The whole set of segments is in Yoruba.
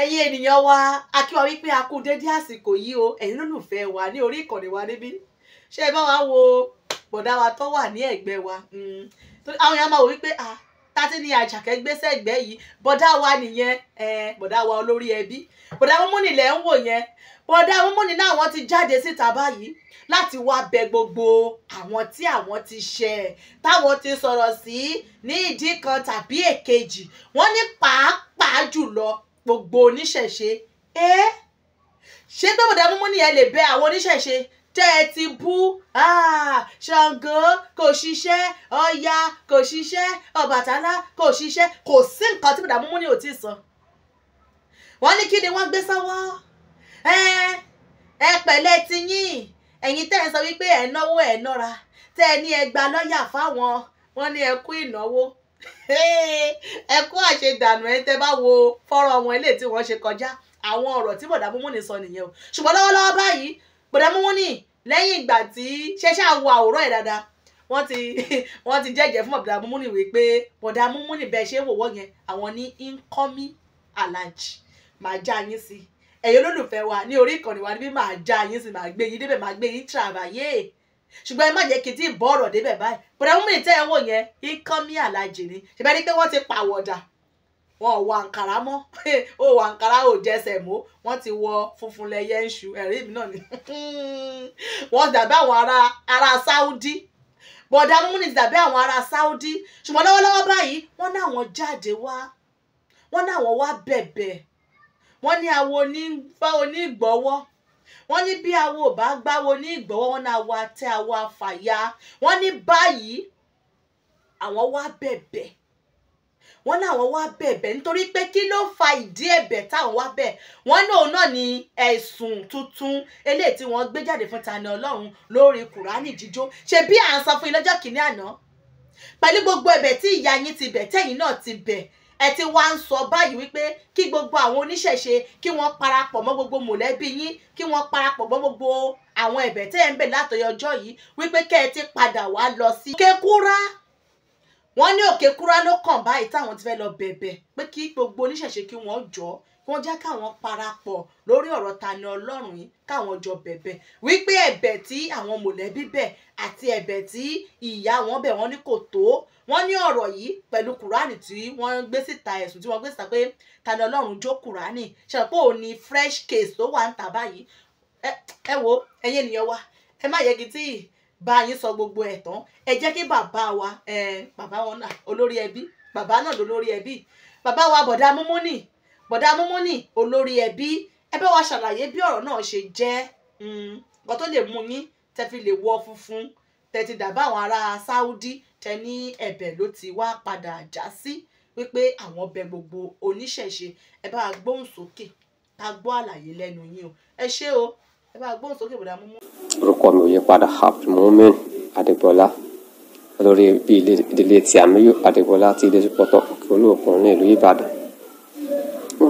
ẹ̀yin ènìyàn wa a kí wa wípé a kú dédé àsìkò yìí o ẹ̀yin lólùfẹ́ wa ní orí ìkànnì wa níbí ṣé ẹ bá wa wo bọ̀dá wa tó wà ní ẹ̀gbẹ́ wa hmm. àwọn èèyàn máa wò wípé ah tátí ni àjàkẹ́ gbé sẹ́gbẹ́ yìí bọ̀dá wa nìyẹn bọ̀dá wa olórí ẹbí bọ̀dá múmúnì lẹ̀ ń wò yẹn bọ̀dá múmúnì náà wọ́n ti jáde síta báyìí láti wá bẹ gbogbo àwọn tí àwọn ti ṣẹ̀ táwọn ti sọ̀rọ̀ sí ní ìdí kan tàbí èkejì wọ́n ní pàápàá jùlọ gbogbo oníṣẹ̀ṣe ẹ́ ṣé gbọ́dọ̀ mímú ni ẹ lè bẹ àwọn oníṣẹ̀ṣe tẹ́ ẹ ti bú ah, Ṣàngó kò ṣiṣẹ́ Ọya kò ṣiṣẹ́ Ọbàtálá kò ṣiṣẹ́ kò sí nǹkan tí bọ̀dà múmú ni ò tí ì sọ. wọ́n ní kí ni wọ́n gbé sọ́wọ́ ẹ ẹ pẹ̀lẹ́ ti yín ẹ̀yin tẹ́ ẹ sọ wípé ẹ̀ náwó ẹ̀ nọ́ra tẹ́ ẹ ní ẹ gba lọ́ọ̀yà fáwọn wọ́n ní ẹ kú ìnáwó ẹ kú àṣedànù ẹ tẹ bá wo fọ́nrán wọn eléyìí tí wọ́n ṣe kọjá àwọn ọ̀rọ̀ tí bọ̀dà múmúni sọ nìyẹn o ṣùgbọ́n lọ́wọ́lọ́wọ́ báyìí bọ̀dà múmúni lẹ́yìn ìgbà tí ṣẹ́ṣẹ́ àwọ àwòrán ẹ̀ dáadáa wọ́n ti wọ́n ti jẹ́jẹ́ fún bọ̀dà múmúni wí pé bọ̀dà múmúni bẹ́ẹ̀ ṣe wòwọ́ yẹn àwọn ní incoming alhaji màá já yín sí ẹ̀yin olólùfẹ́ wa ní orí ìkànnì wa níbí màá já yín sí màá gbé yín débẹ̀ màá gbé yín tìràbàyè ṣùgbọ́n ẹ má jẹ́ kí n tí ì bọ́ ọ̀rọ̀ débẹ̀ báyìí bọ̀dà mú mi tẹ́ ẹ wò yẹn ikán mi àlàjì ni ṣùgbọ́n ẹni pé wọ́n ti pàwọ̀dà wọn ò wà àǹkàrà mọ́ ò wà àǹkàrà ò jẹsẹ̀ mọ́ wọ́n ti wọ funfun lẹ́yẹ ń ṣu ẹ̀rí mi náà ni wọ́n dàbí àwọn ará ará Saudi bọ̀dà mú mi dàbí àwọn ará Saudi ṣùgbọ́n lọ́wọ́lọ́wọ́ báyìí wọ́n náwọn jáde wá wọ́n náwọn wá bẹ̀bẹ̀ wọ́n ní àwọn onígbọ̀wọ́ wọ́n ní bí awo ò bá gbáwo ní ìgbọ̀wọ́ wọn náà wá tẹ awo àfàyà wọ́n ní báyìí àwọn wá bẹ̀bẹ̀ wọ́n láwọn wá bẹ̀bẹ̀ nítorí pé kí ló fa ìdí ẹ̀bẹ̀ táwọn wá bẹ̀ wọ́n náà náà ní ẹ̀sùn tuntun eléyìí tí wọ́n gbé jáde fún Tani Olohun lórí Kùránì jíjó ṣe bí à ń sọ fún yín lọ́jọ́ kìíní àná pẹ̀lú gbogbo ẹ̀bẹ̀ tí ìyá yín ti bẹ̀ tẹ́yìn náà ti bẹ̀ ẹ ti wá ń sọ báyìí wípé kí gbogbo àwọn oníṣẹ̀ṣe kí wọ́n parapọ̀ mọ́ gbogbo mọ̀lẹ́bí yín kí wọ́n parapọ̀ mọ́ gbogbo àwọn ẹ̀bẹ̀ tẹ́ ẹ̀ ń bẹ̀ látọ̀yọ̀ ọjọ́ yìí wípé kẹ́ ẹ ti padà wá lọ sí. kékúrá wọ́n ní òkè kúrá ló kàn báyìí táwọn ti fẹ́ lọ bẹ̀bẹ̀ pé kí gbogbo oníṣẹ̀ṣe kí wọ́n jọ wọ́n já káwọn parapọ̀ lórí ọ̀rọ̀ ta ni ọlọ́run yìí káwọn jọ bẹ̀bẹ̀ wípé ẹ̀bẹ̀ tí àwọn mọ̀lẹ́bí bẹ̀ àti ẹ̀bẹ̀ tí ìyá wọn bẹ̀ wọ́n ní kò tó wọ́n ní ọ̀rọ̀ yìí pẹ̀lú kùránì tí wọ́n gbé síta ẹ̀sùn tí wọ́n gbé síta pé ta ni jó kùránì ṣàpò òní fresh case tó wà ń tà báyìí ẹ wo ẹ̀yin ènìyàn wa ẹ má yẹgi tí bá yín sọ gbogbo ẹ̀ tán ẹ jẹ́ kí bàbá wa bàbá wọn náà olórí ẹbí bàbá náà lólórí ẹbí bàbá wa bọ̀dá múmúnì bọ̀dá mọ́mọ́nì olórí ẹbí ẹ wa ṣàlàyé bí ọ̀rọ̀ náà ṣe jẹ́ hmm, nǹkan tó lè mú yín tẹ́ fi lè wọ funfun tẹ́ ti dàbá àwọn ará Saudi tẹ́ ní ẹ̀bẹ̀ ló ti wá padà já sí wípé àwọn bẹ gbogbo oníṣẹ̀ṣe ẹ bá gbóhùn sókè ká gbọ́ àlàyé lẹ́nu yín o ẹ ṣé o ẹ bá gbóhùn sókè bọ̀dá mọ́mọ́. orúkọ mi ò yí padà Abdulmumin Adébọlá olórí ilé ìdílé tí àmì Adébọlá ti ilé sọpọtọ òkè olóògùn ní ìlú Ìbàdàn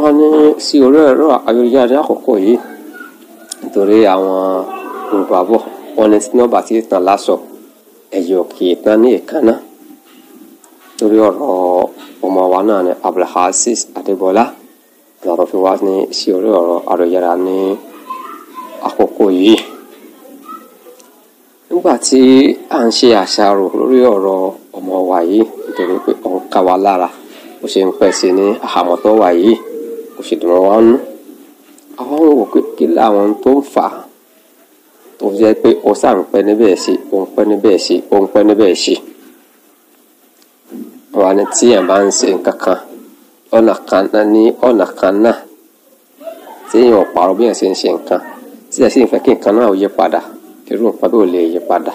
wá ní sí orí ẹ̀rọ ayélujára àkọ́kọ́ yìí nítorí àwọn yorùbá bọ̀ wọn ní tí nọ́ọ̀bà ti tàn lásọ ẹ̀yọ̀ kì í tán ní ìkànnà torí ọ̀rọ̀ ọmọ wa náà ni abdulhasis adébọlá lọ́rọ̀ fi wá ní sí orí ọ̀rọ̀ ayélujára ní àkọ́kọ́ yìí nígbà tí à ń ṣe àṣàrò lórí ọ̀rọ̀ ọmọ wa yìí nítorí pé ó ń ká wa lára bó ṣe ń pẹ́ sí ní àhámọ́ tó yìí kò sì dùn wá nú àwọn ń wò pé kí làwọn tó ń fà á tó fi jẹ́ pé ó sàn pẹ́ níbẹ̀ ṣe ó ń pẹ́ níbẹ̀ ṣe ó ń pẹ́ níbẹ̀ ṣe wà ní tí èèyàn bá ń ṣe nǹkan kan ọ̀nà kan náà ní ọ̀nà kan náà tí èèyàn ò pààrọ̀ bí èèyàn ṣe ń ṣe nǹkan tí sì ń fẹ́ kí nǹkan náà ò yí padà irú nǹkan bí ò lè yí padà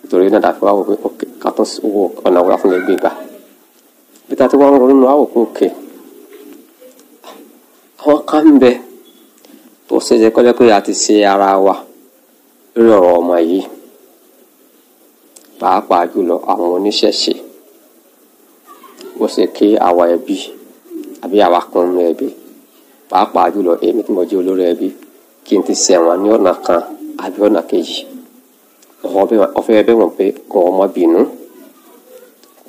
nítorí náà dàbí wá wò pé ọ̀nà wo fún lè gbé gbà bí ta ti wá ń ronú wá òkè. ọkàn ń bẹ tó ṣe a ti ṣe ara wa lórí ọ̀rọ̀ ọmọ yìí pàápàá jùlọ àwọn oníṣẹ̀ṣe ó ṣe kí àwa ẹbí àbí àwa kan nínú ẹbí pàápàá jùlọ èmi tí mo jẹ́ olórí ẹbí kí n ti ṣẹ̀wọ̀n ní ọ̀nà kan àbí ọ̀nà kejì ọ̀fẹ́ bẹ́ẹ̀ mọ̀ pé ọmọ bínú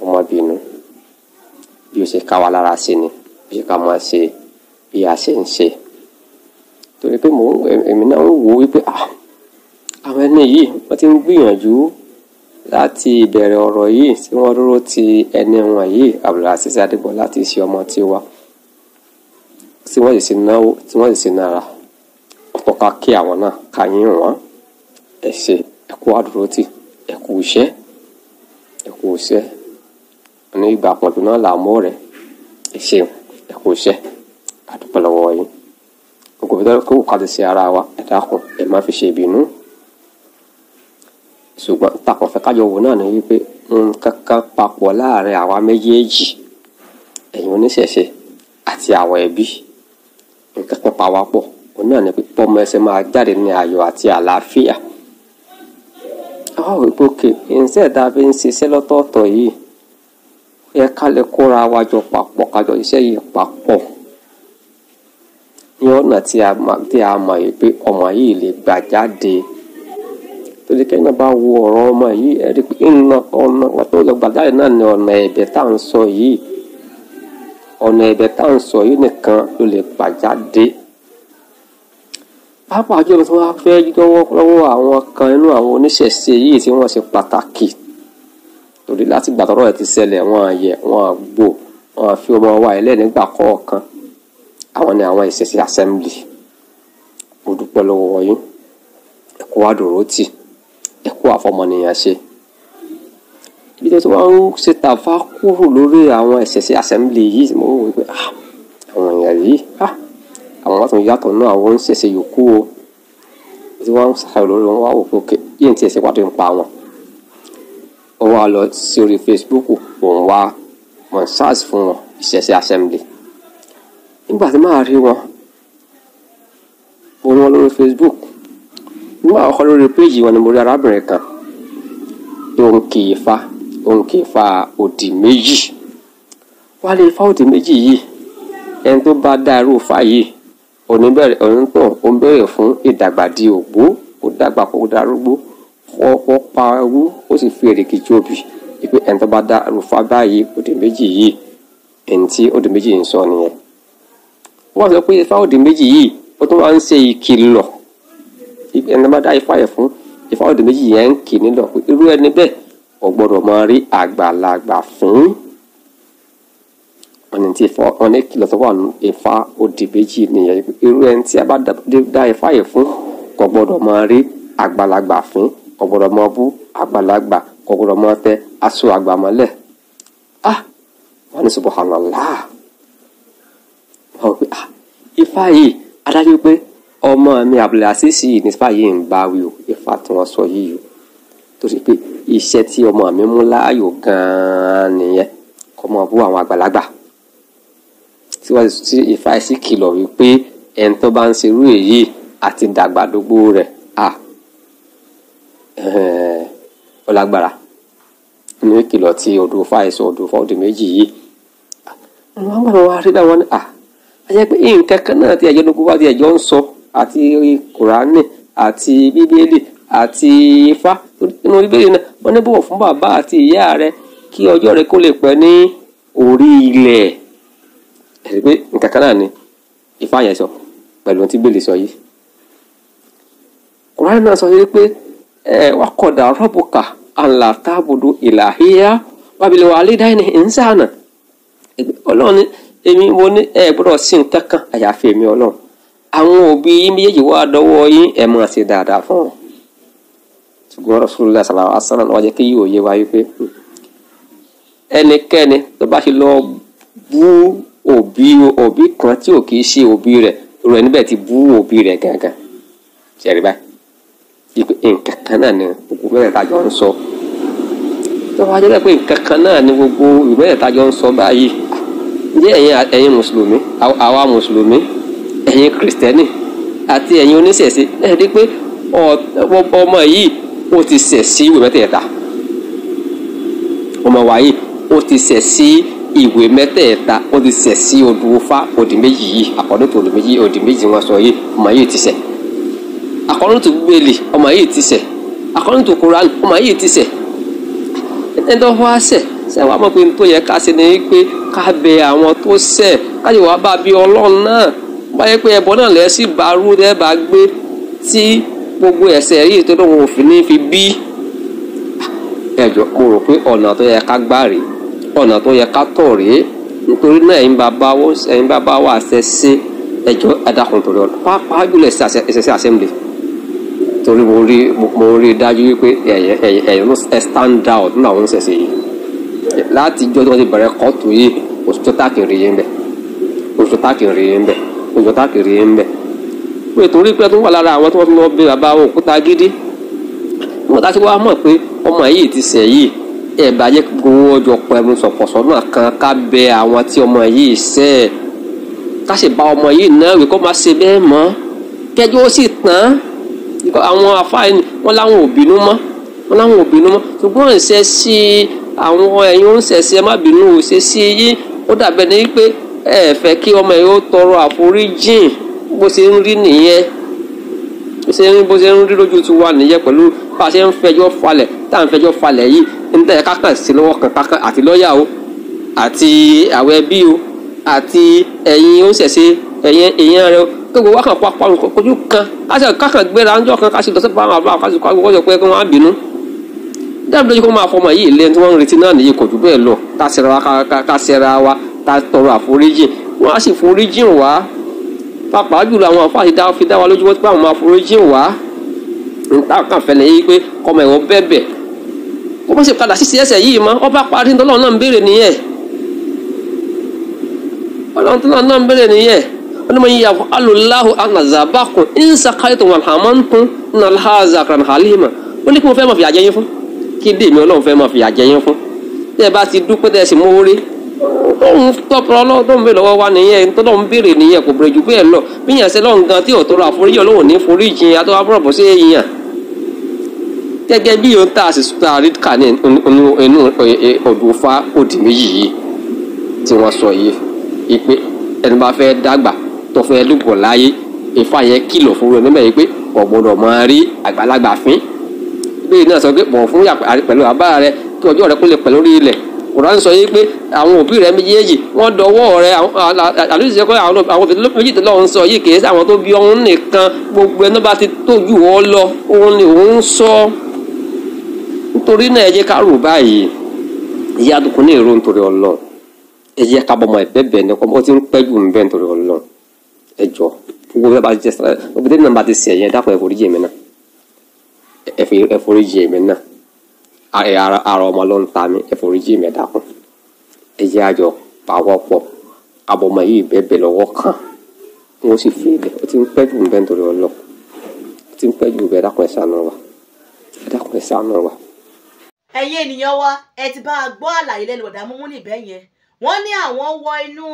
ọmọ bínú bí o ṣe ká wa lára sí ni bí ṣe ká máa ìyá sì ń ṣe torí pé mò ń èmi náà ń wò ó wípé ah, àwọn ẹni yìí wọ́n ti ń gbìyànjú láti ìbẹ̀rẹ̀ ọ̀rọ̀ yìí tí wọ́n dúró ti ẹni wọn yìí Abdulrasis Adébọlá láti ṣe ọmọ tiwa tí wọ́n sì ṣe náwó tí wọ́n sì ṣe nára ọ̀pọ̀ ká àdúpẹ́ lọ́wọ́ yín gbogbo siara tó wù ká ti ṣe ara wa ẹ dákun ẹ má fi ṣe ìbínú ṣùgbọ́n takọ̀ fẹ́ kájọ wò náà ni wípé nǹkan kan papọ̀ láàrin àwa méjèèjì ẹ̀yin oníṣẹ̀ṣe àti àwọn ẹbí nǹkan kan pa wá pọ̀ òun náà ni pé pọ́mọ ẹsẹ̀ máa jáde ní ayọ̀ àti fi ń ṣiṣẹ́ lọ́tọ̀ọ̀tọ̀ ẹ ká kóra wa jọ papọ̀ kájọ iṣẹ́ yìí papọ̀ ní ọ̀nà tí a mọ̀ yìí pé ọmọ yìí lè gbà jáde torí kẹ́yìn bá wo ọ̀rọ̀ ọmọ yìí ẹ pé ọ̀nà ọ̀nà wọn tó lọ gbà jáde náà ni ọ̀nà ẹ̀bẹ̀ tá à ń sọ yìí ọ̀nà ẹ̀bẹ̀ tá à ń sọ yìí nìkan ló lè gbà jáde pápá àjọ tí wọ́n fẹ́ lọ́wọ́ àwọn kan nínú àwọn oníṣẹ̀ṣe yìí tí wọ́n ṣe pàtàkì torí láti gbàtọ́rọ̀ ẹ̀ ti ṣẹlẹ̀ wọn àyẹ̀ wọn àgbò wọn àfi ọmọ wa ẹlẹ́nìgbà kọ̀ọ̀kan àwọn ni àwọn ìṣẹ̀ṣe assembly mo dúpẹ́ lọ́wọ́ yín ẹ kú àdòrò tì ẹ kú àfọmọnìyàn ṣe ibi tó ti wá ń ṣe tàfà kúrò lórí àwọn ìṣẹ̀ṣe assembly yìí mo rò pé ah, àwọn èèyàn yìí àwọn wàá tún yàtọ̀ náà àwọn ìṣẹ̀ṣe yòókù o tí wọ́n ń ṣàṣàrò lórí wọn wá wò pé òkè yìí ń tiẹ̀ ṣe pàtó ń pa wọn ó wá lọ sí orí Facebook òun wá mọ̀ ṣáàṣì fún wọn ìṣẹ̀ṣe assembly nígbà tí màá rí wọn mo rí wọn lórí Facebook nígbà àkọ́kọ́ lórí péjì wọn ni mo rí arábìnrin kan òun kì í fa òun kì í fa òdì méjì wá lè fa òdì méjì yìí ẹni tó bá dá irú fa yìí òní bẹ̀rẹ̀ òní tàn ó ń bẹ̀rẹ̀ fún ìdàgbà di ògbó kò dàgbà kò darúgbó fọwọ́ pa ewu ó sì fi èrè kejì òbí ìpè ẹni tó bá dá irú fa báyìí òdì méjì yìí ẹni tí òdì méjì ń sọ nìyẹn wọ́n sọ pé ifá òdì méjì yìí ó tún wá ń ṣe ìkìlọ̀ ẹni bá dá ifá yẹn fún ifá òdì méjì yẹn ń kì nílọ̀ pé irú ẹni bẹ́ẹ̀ ò gbọ́dọ̀ máa rí àgbàlagbà fún ọ̀nà tí ifá ọ̀nà ìkìlọ̀ tó wà ní ifá òdì méjì nìyẹn irú ẹni tí a bá dá ifá yẹn fún kò gbọ́dọ̀ máa rí àgbàlagbà fún kò gbọ́dọ̀ máa bú àgbàlagbà kò gbọ́dọ̀ máa tẹ aṣọ àgbà mọ́lẹ̀ ah wọ́n ní subhanallah ifá yìí adájú pé ọmọ mi abdulaziz yìí ní yìí ń bá wí o ifá tí wọ́n sọ yìí o torí pé iṣẹ́ tí ọmọ mi mú láàyò gan-an nìyẹn kọ́ mọ́ bú àwọn àgbàlagbà tí ifá yìí sì kìlọ̀ wípé ẹni tó bá ń ṣerú èyí àti dàgbàdógbò rẹ̀ à ó lágbára ní ìkìlọ̀ tí odò fáìsọ odò fọ́ọ̀dù méjì yìí àwọn àgbàlagbà wa rí dáwọn ní ajẹ́ pé nǹkan kan náà ti ẹ̀jọ́ gbogbo wa ti ẹ̀jọ́ ń sọ àti kùránì àti bíbélì àti ifá nínú bíbélì náà wọ́n ní bọ̀wọ̀ fún bàbá àti ìyá rẹ kí ọjọ́ rẹ kó lè pẹ́ ní orí ilẹ̀ ẹ̀rí pé nǹkan náà ni ifá yẹn sọ pẹ̀lú ohun tí bèlè sọ yìí kùránì náà sọ yìí pé ẹ wà kọ̀dà rọ́bùkà àlà táàbùdù ìlàhíyá wàbílẹ̀ wà á lé dáìní ìǹsànà ọlọ́run èmi mo ní ẹ gbọ́dọ̀ sí nǹkan kan àyàfi èmi ọlọ́run àwọn òbí méjèèjì wá dọ́wọ́ yín ẹ̀ máa ṣe dáadáa fún wọn. ṣùgbọ́n Rasulullah sallallahu alaihi wasallam ló wá jẹ́ kí yóò yé wa wípé ẹnikẹ́ni tó bá ṣe lọ bú òbí òbí kan tí ò kì í ṣe òbí rẹ̀ rẹ̀ níbẹ̀ ti bú òbí rẹ̀ gangan ṣẹ̀rí báyìí nǹkan kan náà ni gbogbo mẹ́rin tájọ ń sọ tó wá jẹ́ pé nǹkan kan náà ni gbogbo ìmẹ́rin tájọ ń sọ báyìí jẹ́ ẹ̀yin ẹ̀yin mùsùlùmí àwa mùsùlùmí ẹ̀yin kìrìsìtẹ́nì àti ẹ̀yin oníṣẹ̀ṣe ẹ̀ rí pé ọmọ yìí ó ti ṣẹ̀ sí ìwé mẹ́tẹ̀ẹ̀ta ọmọ wa yìí ó ti ṣẹ̀ sí ìwé mẹ́tẹ̀ẹ̀ta ó ti ṣẹ̀ sí odùwòfá òdì méjì yìí àkọ́dún tó méjì òdì méjì wọn sọ yìí ọmọ yìí ti ṣẹ̀ àkọ́dún tó gbélé ọmọ yìí ti ṣẹ̀ àkọ́dún tó koran ọmọ yìí ti ṣẹ̀ ẹni tó wá ṣẹ̀ ṣẹ̀ wàá mọ̀ pé tó yẹ ká ṣe ni pé ká bẹ àwọn tó ṣẹ̀ ká lè wá bá bí ọlọ́run náà bá yẹ pé ẹbọ náà lẹ́ sì bá rú lẹ́ bá gbé tí gbogbo ẹ̀ṣẹ̀ yìí tó lóun òfin ní fi bí. ẹ̀jọ̀ mo rò pé ọ̀nà tó yẹ ká gbà rèé ọ̀nà tó yẹ ká tọ̀ rèé nítorí náà ẹ̀yin bàbá wọ ẹ̀yin bàbá wà ṣẹ̀ ṣe ẹjọ́ ẹ̀dàkùn tó lọ pàápàá jùlọ ẹ̀ṣẹ̀ ṣe assembly torí mo rí mo rí dájú wípé ẹ̀yẹ ẹ̀yẹ ẹ̀yẹ ẹ̀ stand out nínú àwọn ṣẹ̀ṣẹ̀ yìí láti jọ́ tó ti bẹ̀rẹ̀ kọ́ọ̀tù yìí òṣìṣẹ́ táàkiri yìí ń bẹ̀ òṣìṣẹ́ táàkiri yìí ń bẹ̀ òṣìṣẹ́ táàkiri yìí ń bẹ̀. pé torí pé tó wà lára àwọn tí wọ́n fi lọ bí bàbá òkúta gidi wọ́n ta sí wàá mọ̀ pé ọmọ yìí ti sẹ̀ yìí ẹ̀ bá yẹ kó wọ́n jọ pẹ̀lú sọ̀pọ̀sọ̀ náà kan ká bẹ àwọn tí ọmọ yìí sẹ́ ẹ̀ ká sì bá ọmọ yìí náà wí kó má ṣe bẹ́ẹ̀ mọ́ kẹjọ́ ó sì tán àwọn afáàní wọn láwọn òbínú mọ́ wọn láwọn òbínú mọ́ ṣùgbọ́n ìṣe sí àwọn ẹ̀yin ń ṣẹ̀ṣẹ̀ má bínú ò ṣe sí yín ó dàbẹ̀ ní pé ẹ fẹ́ kí ọmọ yìí ó tọrọ àforíjìn bó ṣe ń rí nìyẹn bó ṣe ń bó ṣe ń rí lójú tiwa nìyẹn pẹ̀lú bá a ṣe ń fẹjọ́ falẹ̀ tá à ń fẹjọ́ falẹ̀ yìí níta ẹ̀ka kàn sí lọ́wọ́ kan kankan àti lọ́ọ̀yà o àti àwọn ẹbí o àti ẹ̀yin ó ṣẹ̀ṣẹ̀ ẹ̀yin èèyàn rẹ o gbogbo wa kàn pa kan káṣí kankan gbéra ńjọ́ kan káṣí lọ́sọ̀ bá àwọn àbúrò àwọn ọ̀ṣọ́ pé dábìlì lójú kó máa fọmọ yìí lẹ́nu tí wọ́n ń retí náà nìyí kò jù bẹ́ẹ̀ lọ ká ṣẹra wa ká ṣẹra wa ká tọrọ àforíjì wọ́n á sì foríjìn wá pàápàá jùlọ àwọn àfáà ti dá fi dá wa lójú wọ́n ti pé àwọn máa foríjìn wá nta kan fẹlẹ̀ yìí pé kọmọ ẹ̀wọ̀n bẹ́ẹ̀bẹ̀ kó má ṣe padà sísè ẹsẹ̀ yìí mọ́ ọba parí ńlọ́ọ̀ náà ń béèrè nìyẹn ọlọ́run náà ń béèrè nìyẹn onímọ̀ yìí yàgò alùláhù anazabakun ń sàkáyìtò wọn hàmọ́ntún nàlhàzà kàrànhàlìmọ̀ ó ní kí mo fẹ́ mọ̀ fìyà jẹ fún kí dèmi ọlọ́run fẹ́ máa fìyà jẹ yín fún tẹ́ ẹ bá ti dúpẹ́ tẹ́ ẹ sì mú orí tóun tọpọ ọlọ́run tó ń bèrè lọ́wọ́ wa nìyẹn tó lọ́n béèrè nìyẹn kò bèrè jù bẹ́ẹ̀ lọ bí yàn ṣe lọ́n gan tí ò tọrọ àforíjì ọlọ́run ní forí jìn àtọ́wọ́ abúrọ̀bọ̀ sí èèyàn gẹ́gẹ́ bí yòó ń tà àṣìṣe tá kà ní inú ọ̀dùnfà e, e, òdì méjì yìí tí wọ́n sọ yìí ìpè ẹni bá fẹ́ dàgbà tó fẹ́ lùgbọ̀ láyé ìfà yẹn kìlọ̀ fún rẹ̀ níbẹ̀ pé iná sọ pé bọ̀wọ̀ fún pẹ̀lú bàbá rẹ kí ọjọ́ rẹ kó lè pẹ̀ lórí ilẹ̀ Kùránì sọ yìí pé àwọn òbí rẹ méjèèjì wọ́n dọwọ́ rẹ àlùsí sọ pé àwọn òbí méjèèjì sọ yìí kìí sáwọn tó bí ọ̀hún nìkan gbogbo ẹni bá ti tójú ọ lọ òun ni òun sọ nítorí náà ẹ ká rò báyìí ìyá àdùkú ní èrò nítorí Ọlọ́run ẹ ká bọ́mọ ẹ̀bẹ́ bẹ̀ ní ọkọ̀ tí ń pẹ́ jù ń bẹ́ nítorí Ọlọ́run ẹ jọ gbogbo bí wọ́n bá ti sẹ̀yìn ẹ dákun ẹ̀ kò rí jèmi náà ẹforíjì èmi náà ara ọmọ ló ń ta mi ẹforíjì mi dákun ẹ jẹ́ àjọ pàwọ́ pọ̀ abọ́mọ yìí bẹ̀bẹ̀ lọ́wọ́ kàn wọ́n sì fi ilẹ̀ ó ti ń pẹ́ jù bẹ́ẹ̀ nítorí ọlọ́ ó ti ń pẹ́ jù bẹ́ẹ̀ dákun ẹ ṣàánú wa ẹ dákun ẹ ṣàánú wa. ẹ̀yin ènìyàn wa ẹ ti bá a gbọ́ àlàyé lẹ́nu ọ̀dà mú níbẹ̀ yẹn wọ́n ní àwọn wọ inú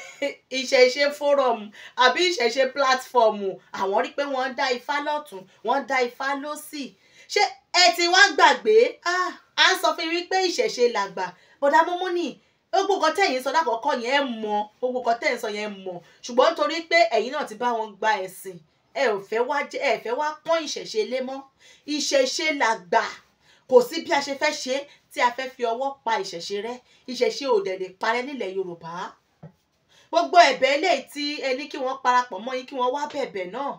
ìṣẹ̀ṣe fọ́rọ̀mù àbí ìṣẹ̀ṣe pílátífọ̀mù àwọn rí pé wọ́n dá ifá lọ́tún wọ́n dá ifá lọ́sì. Si ṣé ẹ ti wá gbàgbé à ah, ń sọ fún yín pé ìṣẹ̀ṣe làgbà bọ̀dá mọ́mọ́ nì gbogbo nǹkan tẹ̀yìn sọ lákọ̀ọ́kọ́ yẹn ẹ mọ gbogbo nǹkan tẹ̀yìn sọ yẹn mọ ṣùgbọ́n nítorí pé ẹ̀yin náà ti bá wọn gba ẹ̀sìn ẹ ò fẹ́ wá jẹ́ ẹ fẹ́ wá pọ́n ìṣẹ̀ṣe lé mọ́ ìṣẹ̀ṣe làgbà kò sí bí a ṣe fẹ́ ṣe tí a fẹ́ fi ọwọ́ pa ìṣẹ̀ṣe rẹ ìṣẹ̀ṣe ò dẹ̀ lè parẹ́ nílẹ̀ Yorùbá gbogbo ẹ̀bẹ̀ eléyìí tí ẹni kí wọ́n parapọ̀ mọ́ yín kí wọ́n wá bẹ̀bẹ̀ náà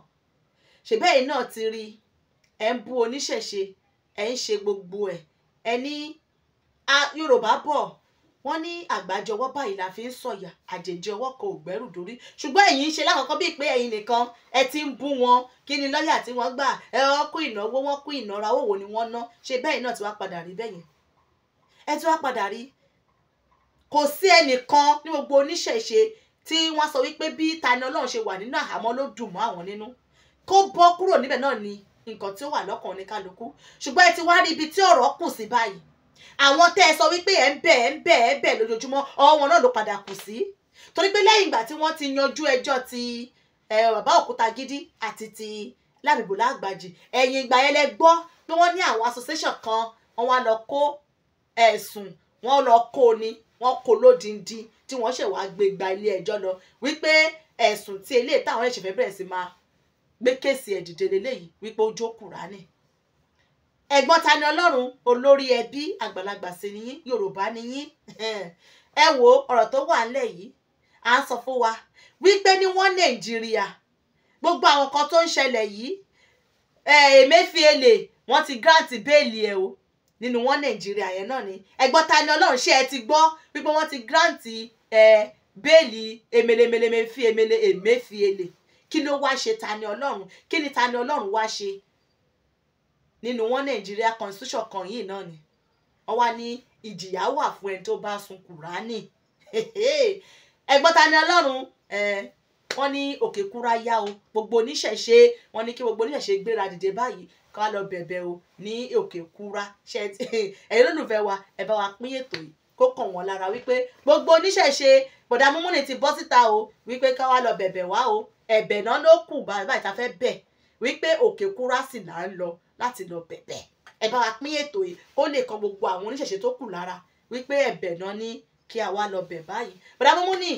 ṣèbẹ́yìn náà ti rí i ẹ̀ ń bú oníṣẹ̀ṣe ẹ̀ ń ṣe gbogbo ẹ̀ ẹ̀ ní yorùbá bọ̀ wọ́n ní àgbájọ ọwọ́ báyìí la fi ń sọ̀yà àjèjì ọwọ́ kan ò gbẹ́rù dórí ṣùgbọ́n ẹ̀yin ń ṣe lákọ̀ọ́kọ́ bíi pé ẹ̀yin nìkan ẹ ti ń bú wọn kí ni lọ́ọ̀yà tí wọ́n gbà ẹ wọ́n kú ìnáwó wọ́n kú ìnara owó wo ni wọ́n ná ṣe bẹ́ẹ̀ náà ti wá padà rí bẹ́yẹn ẹ ti wá padà rí kò sí ẹnìkan ní gbogbo oníṣẹ̀ṣe tí wọ́n sọ wípé bí Tani Olohun ṣe wà nínú àhámọ́ ló dùn mọ́ àwọn nínú kó bọ́ kúrò níbẹ̀ náà ni nǹkan tí ó wà lọ́kàn oníkálukú ṣùgbọ́n ẹ ti wá rí ibi tí ọ̀rọ̀ kù sí báyìí àwọn tẹ́ ẹ sọ wípé ẹ ń bẹ̀ ẹ ń bẹ̀ ẹ bẹ̀ lójoojúmọ́ ọwọ́ wọn náà ló padà kù sí torí pé lẹ́yìn ìgbà tí wọ́n ti yanjú ẹjọ́ ti bàbá Òkútagidi àti ti Lábìbò Lágbàjì ẹ̀yìn ìgbà yẹn lẹ gbọ́ pé wọ́n ní àwọn association kan wọ́n lọ kó ẹ̀sùn wọ́n lọ kó ni wọ́n kó lódindi tí wọ́n ṣèwà gbé ilé ẹjọ́ lọ wípé ẹ̀sùn tí eléyìí táwọn ẹ̀ṣẹ̀ fẹ́ bẹ̀rẹ̀ sí máa gbé kéèsì ẹ̀ dìde lélẹ́yìí wípé ó jó kùránì ẹ̀gbọ́n ta ni ọlọ́run olórí ẹbí àgbàlagbà sí ni yín yorùbá ni yín ẹ wo ọ̀rọ̀ tó wà ńlẹ̀ yìí à ń sọ fún wa wípé ní wọ́n nàìjíríà gbogbo àwọn kan tó ń ṣẹlẹ̀ yìí emefiele wọ́n ti grant bẹ́ẹ̀lì ẹ̀ o nínú wọn nàìjíríà yẹn náà ni ẹ̀gbọ́n ta ni ọlọ́run ṣé ẹ ti gbọ́ wípé wọ́n ti grant bẹ́ẹ̀lì emelemelemefie emefiele kí ló wá ṣe ta ni ọlọ́run kí ni ta ni ọlọ́run wá ṣe nínú wọn nàìjíríà constitution kan yìí náà ni wọn wá ní ìjìyà wà fún ẹni tó bá sun kùránì ẹgbọ́n ta ni ọlọ́run wọ́n ní òkè kúra yá o gbogbo oníṣẹ̀ṣe wọ́n ní kí gbogbo oníṣẹ̀ṣe gbéra dìde báyìí ká lọ bẹ̀bẹ̀ o ní òkè kúra ẹ̀yin lólùfẹ́ wa ẹ bá wa pín ètò yìí kó kàn wọ́n lára wípé gbogbo oníṣẹ̀ṣe bọ̀dà múmúnì ti bọ́ síta o wípé ká wá lọ bẹ̀bẹ̀ wá o ẹ̀bẹ̀ náà ló kù báyìí tá a fẹ́ bẹ̀ wípé òkè kúrásì là ń lọ láti lọ bẹ̀bẹ̀ ẹ bá wa pín ètò yìí kó lè kan gbogbo àwọn oníṣẹ̀ṣe tó kù lára wípé ẹ̀bẹ̀ náà ní kí a wá lọ bẹ̀ báyìí bàdá mímú ní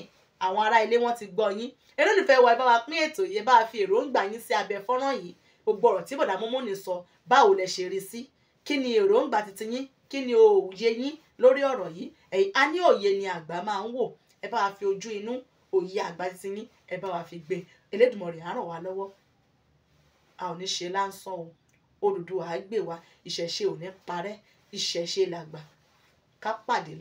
àwọn ará ilé wọn ti gbọ́ yín eré olùfẹ́ wa ẹ bá wa pín ètò yìí ẹ bá fi èròǹgbà yín sí abẹ́ fọ́nrán yìí gbogbo ọ̀rọ̀ tí bàdá mímú ní sọ báwo lẹ ṣe rí sí kí ni èròǹgbà titi yín kí ni òòye yín lórí ọ̀rọ̀ yìí ẹ̀yin a ní òye ni àgbà máa ń wò ẹ bá wa fi ojú inú òye àgbà titi yín ẹ bá wa fi gbé Elédùmarè á ràn wá lọ́wọ́ a ò ní ṣe lásán o Odùduwà á gbè wá ìṣẹ̀ṣe ò ní parẹ́ ìṣẹ̀ṣe làgbà ká pàdé lá.